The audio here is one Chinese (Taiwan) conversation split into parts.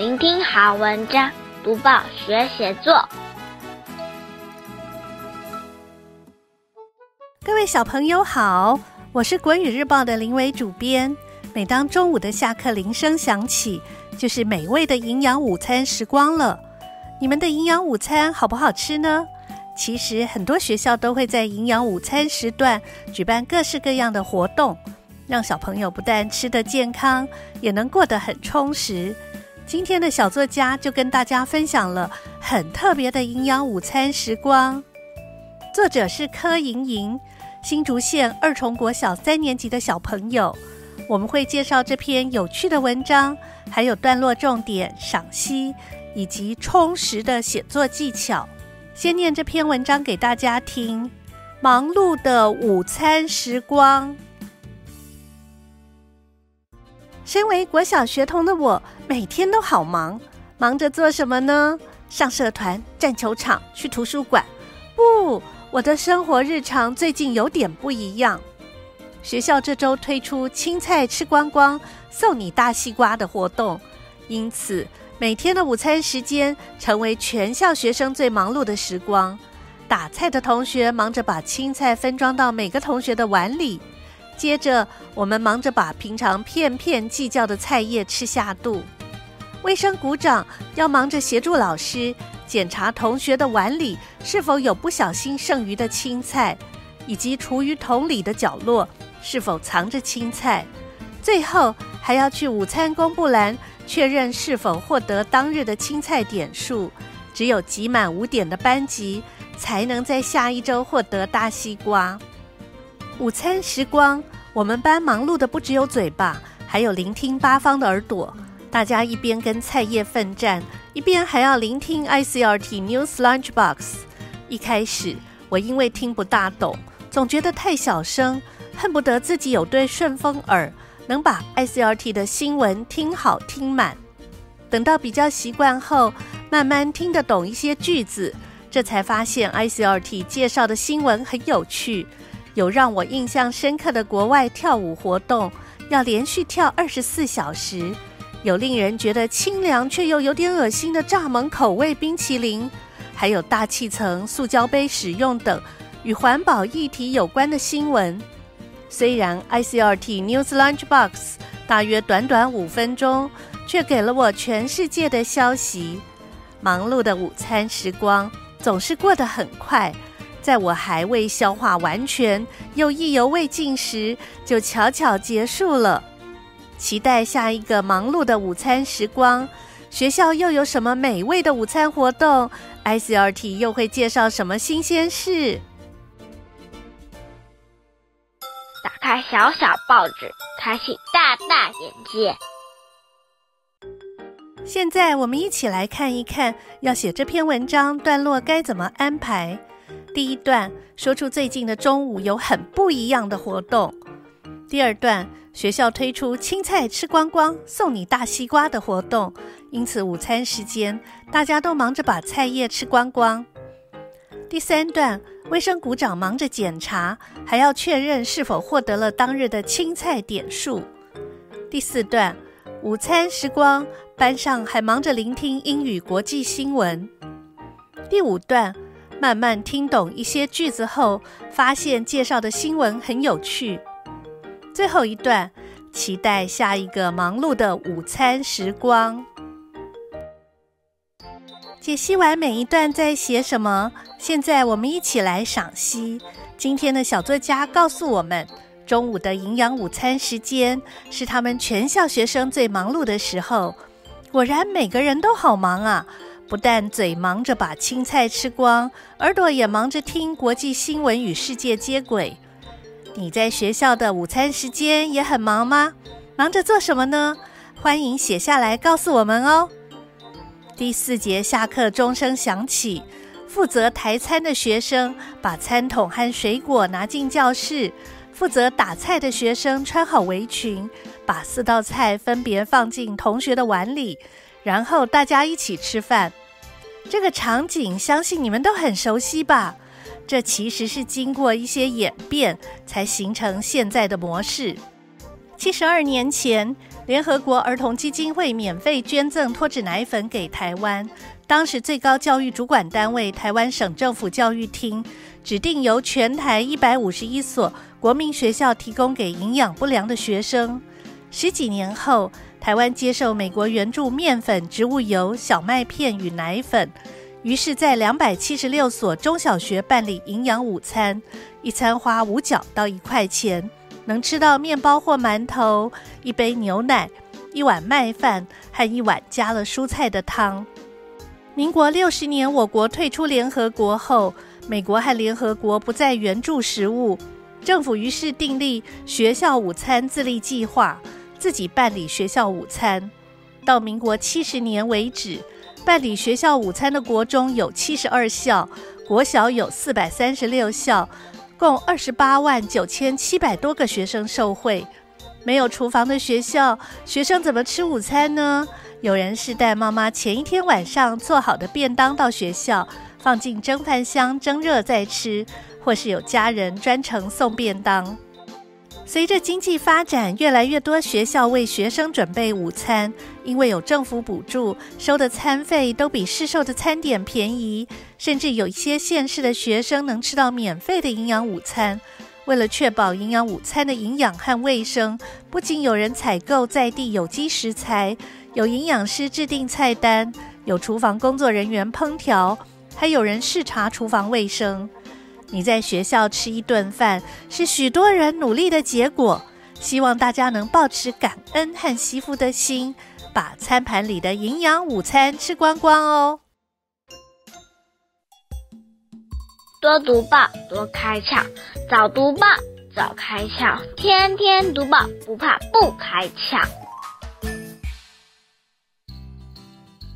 聆聽好文章，讀報學寫作。各位小朋友好，我是國語日報的林偉主編。每當中午的下課鈴聲響起，就是美味的營養午餐時光了。你們的營養午餐好不好吃呢？其實很多學校都會在營養午餐時段舉辦各式各樣的活動，讓小朋友不但吃得健康，也能過得很充實。今天的小作家就跟大家分享了很特別的營養午餐時光，作者是柯瑩瑩，新竹縣二重國小三年級的小朋友。我們會介紹這篇有趣的文章，還有段落重點賞析以及充實的寫作技巧。先念這篇文章給大家聽：忙碌的午餐時光。身為國小學童的我，每天都好忙，忙着做什麼呢？上社團、占球場、去圖書館。不，我的生活日常最近有點不一樣。學校這週推出青菜吃光光，送你大西瓜的活動，因此每天的午餐時間成為全校學生最忙碌的時光。打菜的同學忙着把青菜分裝到每個同學的碗裡。接着，我們忙着把平常片片計較的菜葉吃下肚。衛生股長要忙着協助老師檢查同學的碗裡是否有不小心剩餘的青菜，以及廚餘桶裡的角落是否藏着青菜。最後，還要去午餐公布欄確認是否獲得當日的青菜點數。只有集滿五點的班級，才能在下一周獲得大西瓜。午餐時光，我們班忙碌的不只有嘴巴，還有聆聽八方的耳朵。大家一邊跟菜葉奮戰，一邊還要聆聽 ICRT News Lunchbox。一開始，我因為聽不大懂，總覺得太小聲，恨不得自己有對順風耳，能把 ICRT 的新聞聽好聽滿。等到比較習慣後，慢慢聽得懂一些句子，這才發現 ICRT 介紹的新聞很有趣。有讓我印象深刻的國外跳舞活動，要連續跳二十四小時；有令人覺得清涼卻又有點惡心的蚱蜢口味冰淇淋，還有大氣層、塑膠杯使用等與環保議題有關的新聞。雖然 ICRT News Lunchbox 大約短短五分鐘，卻給了我全世界的消息。忙碌的午餐時光總是過得很快。在我還未消化完全，又意猶未盡時，就悄悄結束了。期待下一個忙碌的午餐時光，學校又有什麼美味的午餐活動？ICRT 又會介紹什麼新鮮事？打開小小報紙，開啟大大眼界。現在我們一起來看一看，要寫這篇文章，段落該怎麼安排。第一段，說出最近的中午有很不一樣的活動。第二段，學校推出青菜吃光光送你大西瓜的活動，因此午餐時間大家都忙着把菜葉吃光光。第三段，衛生股長忙着檢查，還要確認是否獲得了當日的青菜點數。第四段，午餐時光，班上還忙着聆聽英語國際新聞。第五段。慢慢聽懂一些句子後，發現介紹的新聞很有趣。最後一段，期待下一個忙碌的午餐時光。解析完每一段在寫什麼，現在我們一起來賞析。今天的小作家告訴我們，中午的營養午餐時間是他們全校學生最忙碌的時候。果然，每個人都好忙啊。不但嘴忙着把青菜吃光，耳朵也忙着聽國際新聞與世界接軌。你在學校的午餐時間也很忙嗎？忙着做什麼呢？歡迎寫下來告訴我們哦。第四節下課鐘聲響起，負責抬餐的學生把餐桶和水果拿進教室，負責打菜的學生穿好圍裙，把四道菜分別放進同學的碗裡，然後大家一起吃飯。這個場景相信你們都很熟悉吧？這其實是經過一些演變才形成現在的模式。七十二年前，聯合國兒童基金會免費捐贈脫脂奶粉給台灣，當時最高教育主管單位台灣省政府教育廳，指定由全台一百五十一所國民學校提供給營養不良的學生。十幾年後，台灣接受美國援助麵粉、植物油、小麥片與奶粉，於是，在兩百七十六所中小學辦理營養午餐，一餐花五角到一塊錢，能吃到麵包或饅頭、一杯牛奶、一碗麥飯和一碗加了蔬菜的湯。民國六十年，我國退出聯合國後，美國和聯合國不再援助食物，政府於是訂立學校午餐自立計劃。自己辦理學校午餐，到民國七十年為止，辦理學校午餐的國中有七十二校，國小有四百三十六校，共二十八萬九千七百多個學生受惠。沒有廚房的學校，學生怎麼吃午餐呢？有人是帶媽媽前一天晚上做好的便當到學校，放進蒸飯箱蒸熱再吃，或是有家人專程送便當。隨着經濟發展，越來越多學校為學生準備午餐，因為有政府補助，收的餐費都比市售的餐點便宜，甚至有一些縣市的學生能吃到免費的營養午餐。為了確保營養午餐的營養和衛生，不僅有人採購在地有機食材，有營養師制定菜單，有廚房工作人員烹調，還有人視察廚房衛生。你在學校吃一頓飯，是許多人努力的結果。希望大家能保持感恩和惜福的心，把餐盤裡的營養午餐吃光光哦。多讀報，多開竅；早讀報，早開竅；天天讀報，不怕不開竅。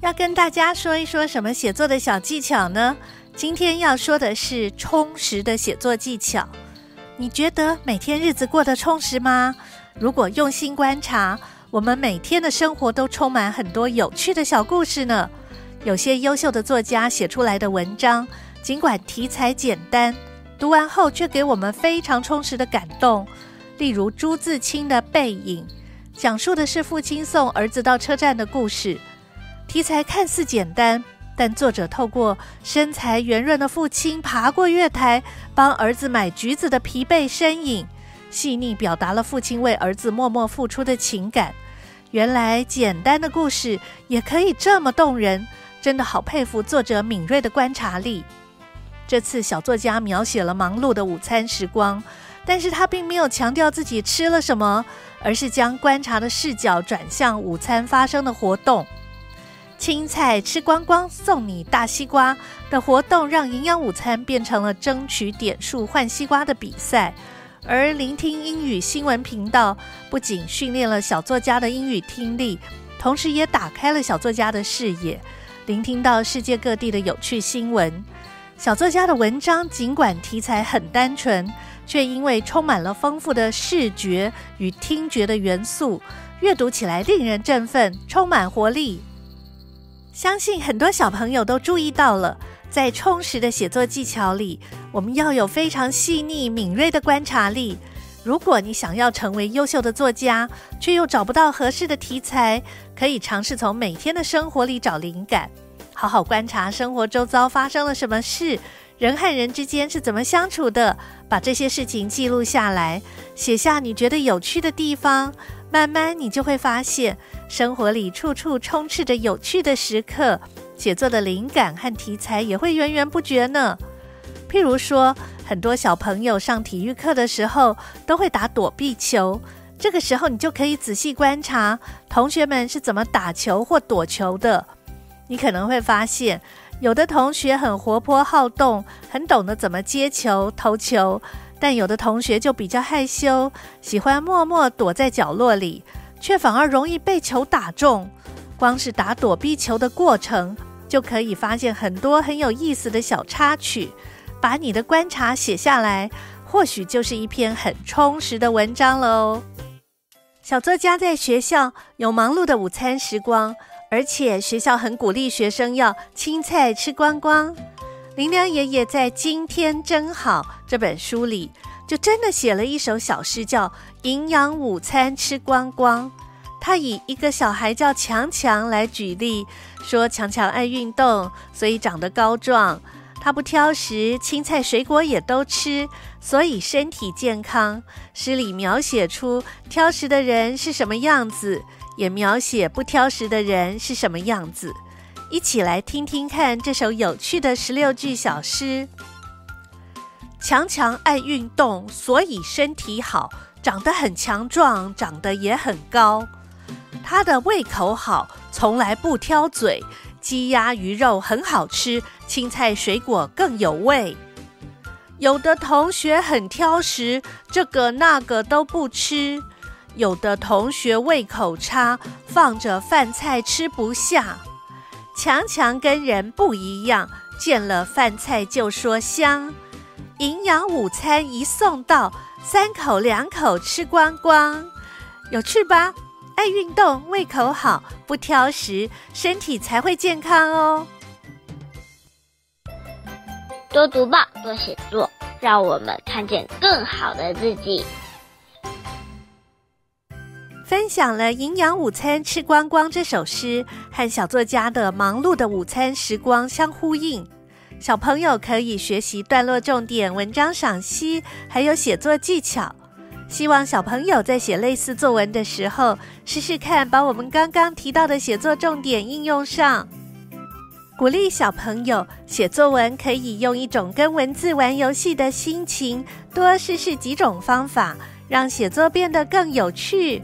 要跟大家說一說什麼寫作的小技巧呢？今天要說的是充實的寫作技巧。你覺得每天日子過得充實嗎？如果用心觀察，我們每天的生活都充滿很多有趣的小故事呢。有些優秀的作家寫出來的文章，儘管題材簡單，讀完後卻給我們非常充實的感動。例如朱自清的《背影》，講述的是父親送兒子到車站的故事，題材看似簡單。但作者透過身材圓潤的父親爬過月台，幫兒子買橘子的疲憊身影，細膩表達了父親為兒子默默付出的情感。原來簡單的故事也可以這麼動人，真的好佩服作者敏銳的觀察力。這次小作家描寫了忙碌的午餐時光，但是他並沒有強調自己吃了什麼，而是將觀察的視角轉向午餐發生的活動。青菜吃光光，送你大西瓜的活動，讓營養午餐變成了爭取點數換西瓜的比賽。而聆聽英語新聞頻道，不僅訓練了小作家的英語聽力，同時也打開了小作家的視野，聆聽到世界各地的有趣新聞。小作家的文章儘管題材很單純，卻因為充滿了豐富的視覺與聽覺的元素，閱讀起來令人振奮，充滿活力。相信很多小朋友都注意到了，在充實的寫作技巧裡，我們要有非常細膩、敏銳的觀察力。如果你想要成為優秀的作家，卻又找不到合適的題材，可以嘗試從每天的生活裡找靈感，好好觀察生活周遭發生了什麼事，人和人之間是怎麼相處的，把這些事情記錄下來，寫下你覺得有趣的地方，慢慢你就會發現。生活裡處處充斥着有趣的時刻，寫作的靈感和題材也會源源不絕呢。譬如說，很多小朋友上體育課的時候都會打躲避球，這個時候你就可以仔細觀察同學們是怎麼打球或躲球的。你可能會發現，有的同學很活潑好動，很懂得怎麼接球、投球；但有的同學就比較害羞，喜歡默默躲在角落裡。卻反而容易被球打中。光是打躲避球的過程，就可以發現很多很有意思的小插曲。把你的觀察寫下來，或許就是一篇很充實的文章了哦。小作家在學校有忙碌的午餐時光，而且學校很鼓勵學生要青菜吃光光。林良爺爺在《今天真好》這本書裡。就真的寫了一首小詩，叫《營養午餐吃光光》。他以一個小孩叫強強來舉例，說強強愛運動，所以長得高壯。他不挑食，青菜水果也都吃，所以身體健康。詩裡描寫出挑食的人是什麼樣子，也描寫不挑食的人是什麼樣子。一起來聽聽看這首有趣的十六句小詩。強強愛運動，所以身體好，長得很強壯，長得也很高。他的胃口好，從來不挑嘴，雞鴨魚肉很好吃，青菜水果更有味。有的同學很挑食，這個那個都不吃；有的同學胃口差，放着飯菜吃不下。強強跟人不一樣，見了飯菜就說香。營養午餐一送到，三口兩口吃光光，有趣吧？愛運動，胃口好，不挑食，身體才會健康哦。多讀報，多寫作，讓我們看見更好的自己。分享了《營養午餐吃光光》這首詩，和小作家的《忙碌的午餐時光》相呼應。小朋友可以學習段落重點、文章賞析，還有寫作技巧。希望小朋友在寫類似作文的時候，試試看把我們剛剛提到的寫作重點應用上。鼓勵小朋友寫作文，可以用一種跟文字玩遊戲的心情，多試試幾種方法，讓寫作變得更有趣。